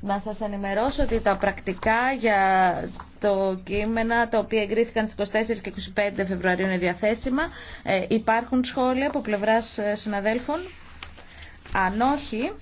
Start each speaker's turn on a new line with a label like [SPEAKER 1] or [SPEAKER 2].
[SPEAKER 1] Να σας ενημερώσω ότι τα πρακτικά για το κείμενα τα οποία εγκρίθηκαν στις 24 και 25 Φεβρουαρίου είναι διαθέσιμα. Ε, υπάρχουν σχόλια από πλευράς ε, συναδέλφων. Αν όχι,